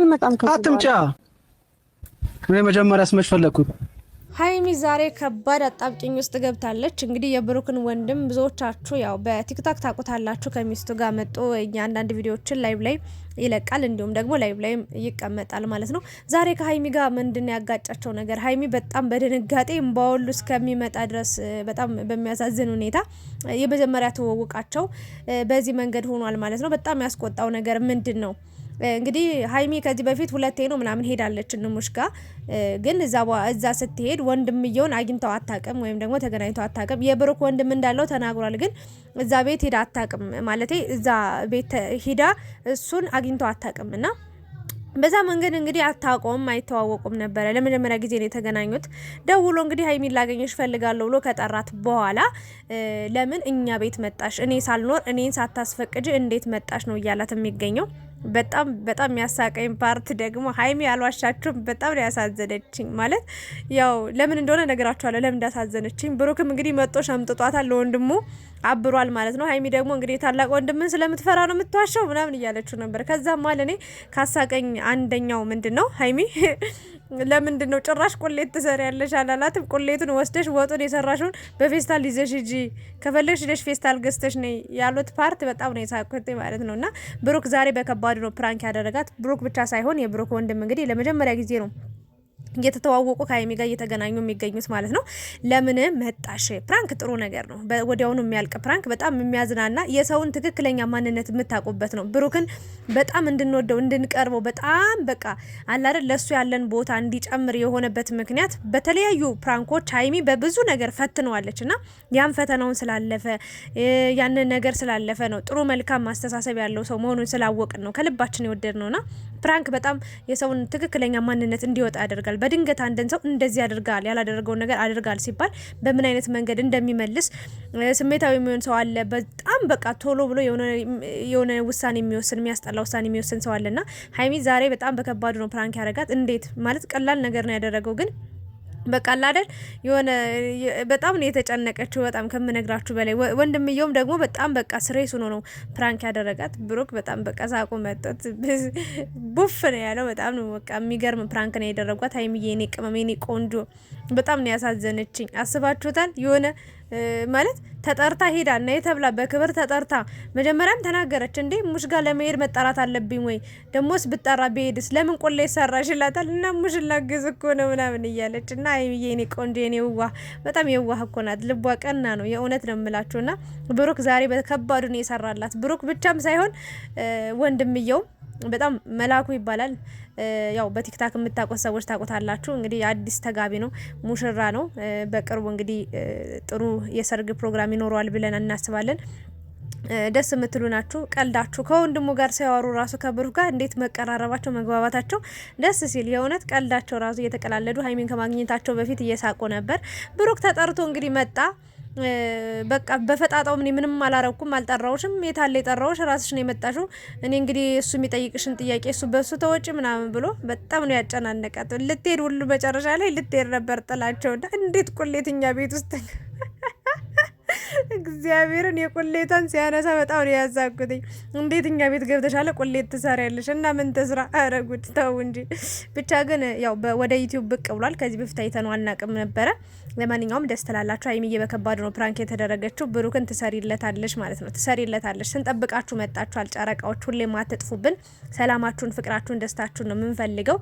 አልመጣም። አትምጫ። እኔ መጀመሪያ ስመች ፈለግኩት። ሀይሚ ዛሬ ከባድ አጣብቂኝ ውስጥ ገብታለች። እንግዲህ የብሩክን ወንድም ብዙዎቻችሁ ያው በቲክቶክ ታውቁታላችሁ። ከሚስቱ ጋር መጦ አንዳንድ ቪዲዮዎችን ላይቭ ላይ ይለቃል፣ እንዲሁም ደግሞ ላይቭ ላይ ይቀመጣል ማለት ነው። ዛሬ ከሀይሚ ጋር ምንድን ያጋጫቸው ነገር ሀይሚ በጣም በድንጋጤ እምባወሉ እስከሚመጣ ድረስ በጣም በሚያሳዝን ሁኔታ የመጀመሪያ ትውውቃቸው በዚህ መንገድ ሆኗል ማለት ነው። በጣም ያስቆጣው ነገር ምንድን ነው? እንግዲህ ሀይሚ ከዚህ በፊት ሁለቴ ነው ምናምን ሄዳለች እንሙሽ ጋ ግን እዛ እዛ ስትሄድ ወንድምየውን አግኝተው አታቅም፣ ወይም ደግሞ ተገናኝተው አታቅም። የብሩክ ወንድም እንዳለው ተናግሯል። ግን እዛ ቤት ሄዳ አታቅም ማለት እዛ ቤት ሄዳ እሱን አግኝተው አታቅም እና በዛ መንገድ እንግዲህ አታቆም አይተዋወቁም ነበረ። ለመጀመሪያ ጊዜ ነው የተገናኙት። ደውሎ እንግዲህ ሀይሚን ላገኘሽ ፈልጋለሁ ብሎ ከጠራት በኋላ ለምን እኛ ቤት መጣሽ? እኔ ሳልኖር እኔን ሳታስፈቅጅ እንዴት መጣሽ ነው እያላት የሚገኘው በጣም በጣም ያሳቀኝ ፓርት ደግሞ ሀይሚ አልዋሻችሁም፣ በጣም ነው ያሳዘነችኝ። ማለት ያው ለምን እንደሆነ ነግራችኋለሁ፣ ለምን እንዳሳዘነችኝ። ብሩክም እንግዲህ መጦ ሸምጥጧታል፣ ለወንድሙ አብሯል ማለት ነው። ሀይሚ ደግሞ እንግዲህ ታላቅ ወንድምን ስለምትፈራ ነው የምትዋሸው ምናምን እያለችው ነበር። ከዛም ማለ እኔ ካሳቀኝ አንደኛው ምንድን ነው ሀይሚ ለምንድን ነው ጭራሽ ቁሌት ትሰሪያለሽ አላላትም። ቁሌቱን ወስደሽ ወጡን የሰራሽውን በፌስታል ይዘሽ ሂጂ፣ ከፈለግሽ ሄደሽ ፌስታል ገዝተሽ ነይ ያሉት ፓርት በጣም ነው የሳቅሁት ማለት ነው። እና ብሩክ ዛሬ በከባድ ነው ፕራንክ ያደረጋት። ብሩክ ብቻ ሳይሆን የብሩክ ወንድም እንግዲህ ለመጀመሪያ ጊዜ ነው እየተተዋወቁ ከሀይሚ ጋር እየተገናኙ የሚገኙት ማለት ነው። ለምን መጣሽ? ፕራንክ ጥሩ ነገር ነው። ወዲያውኑ የሚያልቅ ፕራንክ በጣም የሚያዝናና የሰውን ትክክለኛ ማንነት የምታውቁበት ነው። ብሩክን በጣም እንድንወደው እንድንቀርበው፣ በጣም በቃ አላደል ለሱ ያለን ቦታ እንዲጨምር የሆነበት ምክንያት በተለያዩ ፕራንኮች ሀይሚ በብዙ ነገር ፈትነዋለች እና ያን ፈተናውን ስላለፈ ያንን ነገር ስላለፈ ነው። ጥሩ መልካም ማስተሳሰብ ያለው ሰው መሆኑን ስላወቅን ነው። ከልባችን የወደድ ነውና ፕራንክ በጣም የሰውን ትክክለኛ ማንነት እንዲወጣ ያደርጋል። በድንገት አንድን ሰው እንደዚህ ያደርጋል ያላደረገውን ነገር አድርጋል ሲባል በምን አይነት መንገድ እንደሚመልስ ስሜታዊ የሚሆን ሰው አለ። በጣም በቃ ቶሎ ብሎ የሆነ ውሳኔ የሚወስን የሚያስጠላ ውሳኔ የሚወስን ሰው አለና ሀይሚ ዛሬ በጣም በከባዱ ነው ፕራንክ ያደረጋት። እንዴት ማለት ቀላል ነገር ነው ያደረገው ግን በቃል አይደል የሆነ በጣም ነው የተጨነቀችው፣ በጣም ከምነግራችሁ በላይ። ወንድምየውም ደግሞ በጣም በቃ ስሬሱ ነው ነው ፕራንክ ያደረጋት ብሩክ። በጣም በቃ ሳቁ መጠት ቡፍ ነው ያለው። በጣም ነው በቃ የሚገርም ፕራንክ ነው ያደረጓት። ሀይሚዬ የኔ ቅመም የኔ ቆንጆ፣ በጣም ነው ያሳዘነችኝ። አስባችሁታል የሆነ ማለት ተጠርታ ሄዳ እና የተብላ በክብር ተጠርታ መጀመሪያም ተናገረች። እንዴ ሙሽ ጋር ለመሄድ መጠራት አለብኝ ወይ ደሞስ ብጠራ ብሄድስ ለምን ቆላ ይሰራሽ ይላታል። እና ሙሽ ላግዝ እኮ ነው ምናምን እያለች እና የኔ ቆንጆ የኔ የዋህ በጣም የዋህ እኮ ናት። ልቧ ቀና ነው። የእውነት ነው የምላችሁ። ብሩክ ዛሬ በከባዱ ነው የሰራላት። ብሩክ ብቻም ሳይሆን ወንድምየውም በጣም መላኩ ይባላል። ያው በቲክታክ የምታውቁት ሰዎች ታውቁታላችሁ። እንግዲህ አዲስ ተጋቢ ነው፣ ሙሽራ ነው። በቅርቡ እንግዲህ ጥሩ የሰርግ ፕሮግራም ይኖረዋል ብለን እናስባለን። ደስ የምትሉ ናችሁ። ቀልዳችሁ ከወንድሙ ጋር ሲያወሩ ራሱ ከብሩክ ጋር እንዴት መቀራረባቸው መግባባታቸው ደስ ሲል የእውነት ቀልዳቸው ራሱ እየተቀላለዱ ሀይሚን ከማግኘታቸው በፊት እየሳቁ ነበር። ብሩክ ተጠርቶ እንግዲህ መጣ። በቃ በፈጣጣው ምን ምንም አላረኩም፣ አልጠራውሽም። አለ የጠራውሽ? ራስሽ ነው የመጣሽው። እኔ እንግዲህ እሱ የሚጠይቅሽን ጥያቄ እሱ በሱ ተወጪ ምናምን ብሎ በጣም ነው ያጨናነቃት። ልትሄድ ሁሉ መጨረሻ ላይ ልትሄድ ነበር ጥላቸው። እንዴት ቁሌትኛ ቤት ውስጥ እግዚአብሔርን የቁሌቷን ሲያነሳ በጣም ነው ያዛጉትኝ። እንዴት እኛ ቤት ገብተሻለ ቁሌት ትሰሪያለሽ? እና ምን ትስራ? ኧረ ጉድ ተው እንጂ። ብቻ ግን ያው ወደ ዩቲዩብ ብቅ ብሏል። ከዚህ በፊት አይተነው አናቅም ነበረ። ለማንኛውም ደስ ትላላችሁ። ሀይሚዬ በከባድ ነው ፕራንክ የተደረገችው። ብሩክን ትሰሪለታለሽ ማለት ነው፣ ትሰሪለታለሽ። ስንጠብቃችሁ መጣችኋል። ጨረቃዎች ሁሌ ማትጥፉብን፣ ሰላማችሁን፣ ፍቅራችሁን፣ ደስታችሁን ነው የምንፈልገው።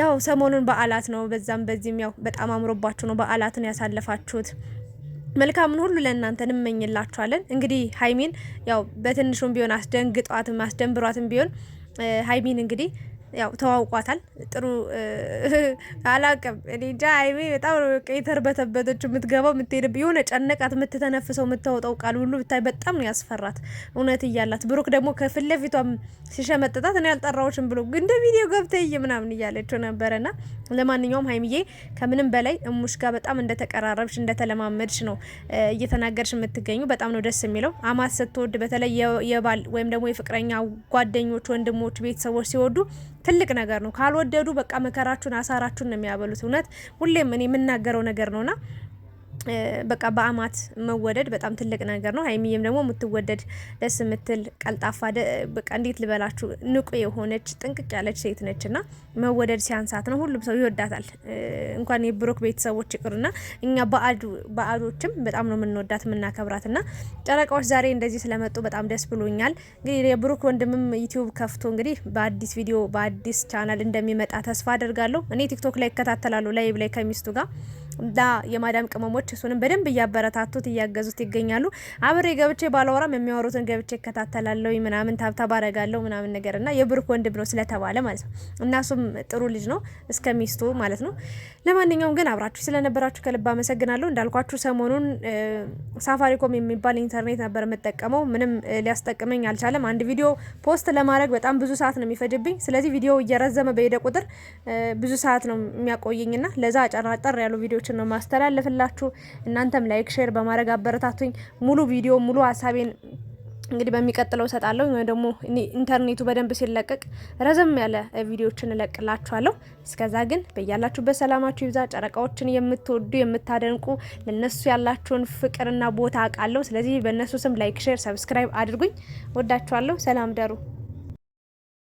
ያው ሰሞኑን በዓላት ነው። በዛም በዚህም ያው በጣም አምሮባችሁ ነው በዓላትን ያሳለፋችሁት። መልካምን ሁሉ ለእናንተ እንመኝላችኋለን። እንግዲህ ሀይሚን ያው በትንሹም ቢሆን አስደንግጧትም አስደንብሯትም ቢሆን ሀይሚን እንግዲህ ያው ተዋውቋታል። ጥሩ አላውቅም እኔ እንጃ። አይሜ በጣም የተርበተበተች የምትገባው የምትሄድ የሆነ ጨነቃት የምትተነፍሰው የምታወጣው ቃል ሁሉ ብታይ በጣም ነው ያስፈራት። እውነት እያላት ብሩክ ደግሞ ከፊት ለፊቷም ሲሸመጥጣት እኔ አልጠራዎችም ብሎ እንደ ቪዲዮ ገብተይ ምናምን እያለችው ና ለማንኛውም ሀይሚዬ ከምንም በላይ እሙሽ ጋር በጣም እንደተቀራረብሽ እንደተለማመድሽ ነው እየተናገርሽ የምትገኙ። በጣም ነው ደስ የሚለው። አማት ስትወድ በተለይ የባል ወይም ደግሞ የፍቅረኛ ጓደኞች፣ ወንድሞች፣ ቤተሰቦች ሲወዱ ትልቅ ነገር ነው። ካልወደዱ በቃ መከራችሁን አሳራችሁን ነው የሚያበሉት። እውነት ሁሌም እኔ የምናገረው ነገር ነውና በቃ በአማት መወደድ በጣም ትልቅ ነገር ነው። ሀይሚዬም ደግሞ የምትወደድ ደስ የምትል ቀልጣፋ፣ በቃ እንዴት ልበላችሁ ንቁ የሆነች ጥንቅቅ ያለች ሴት ነች እና መወደድ ሲያንሳት ነው። ሁሉም ሰው ይወዳታል። እንኳን የብሩክ ቤተሰቦች ይቅርና እኛ በአዶችም በጣም ነው የምንወዳት የምናከብራት። እና ጨረቃዎች ዛሬ እንደዚህ ስለመጡ በጣም ደስ ብሎኛል። እንግዲህ የብሩክ ወንድምም ዩቲዩብ ከፍቶ እንግዲህ በአዲስ ቪዲዮ በአዲስ ቻናል እንደሚመጣ ተስፋ አደርጋለሁ። እኔ ቲክቶክ ላይ ይከታተላሉ ላይቭ ላይ ከሚስቱ ጋር ላ የማዳም ቅመሞች ባለሙያዎች እሱንም በደንብ እያበረታቱት እያገዙት ይገኛሉ። አብሬ ገብቼ ባለወራም የሚያወሩትን ገብቼ እከታተላለሁ ምናምን ታብታብ አረጋለሁ ምናምን ነገር እና የብሩክ ወንድም ነው ስለተባለ ማለት ነው እና እሱም ጥሩ ልጅ ነው እስከ ሚስቱ ማለት ነው። ለማንኛውም ግን አብራችሁ ስለነበራችሁ ከልብ አመሰግናለሁ። እንዳልኳችሁ ሰሞኑን ሳፋሪኮም የሚባል ኢንተርኔት ነበር የምጠቀመው። ምንም ሊያስጠቅመኝ አልቻለም። አንድ ቪዲዮ ፖስት ለማድረግ በጣም ብዙ ሰዓት ነው የሚፈጅብኝ። ስለዚህ ቪዲዮ እየረዘመ በሄደ ቁጥር ብዙ ሰዓት ነው የሚያቆየኝና ለዛ አጠራጠር ያሉ ቪዲዮችን ነው ማስተላለፍላችሁ። እናንተም ላይክ፣ ሼር በማድረግ አበረታቱኝ። ሙሉ ቪዲዮ ሙሉ ሀሳቤን እንግዲህ በሚቀጥለው እሰጣለሁ። ወይም ደግሞ ኢንተርኔቱ በደንብ ሲለቀቅ ረዘም ያለ ቪዲዮዎችን እለቅላችኋለሁ። እስከዛ ግን በያላችሁበት ሰላማችሁ ይብዛ። ጨረቃዎችን የምትወዱ የምታደንቁ፣ ለነሱ ያላችሁን ፍቅርና ቦታ አውቃለሁ። ስለዚህ በእነሱ ስም ላይክ፣ ሼር፣ ሰብስክራይብ አድርጉኝ። ወዳችኋለሁ። ሰላም ደሩ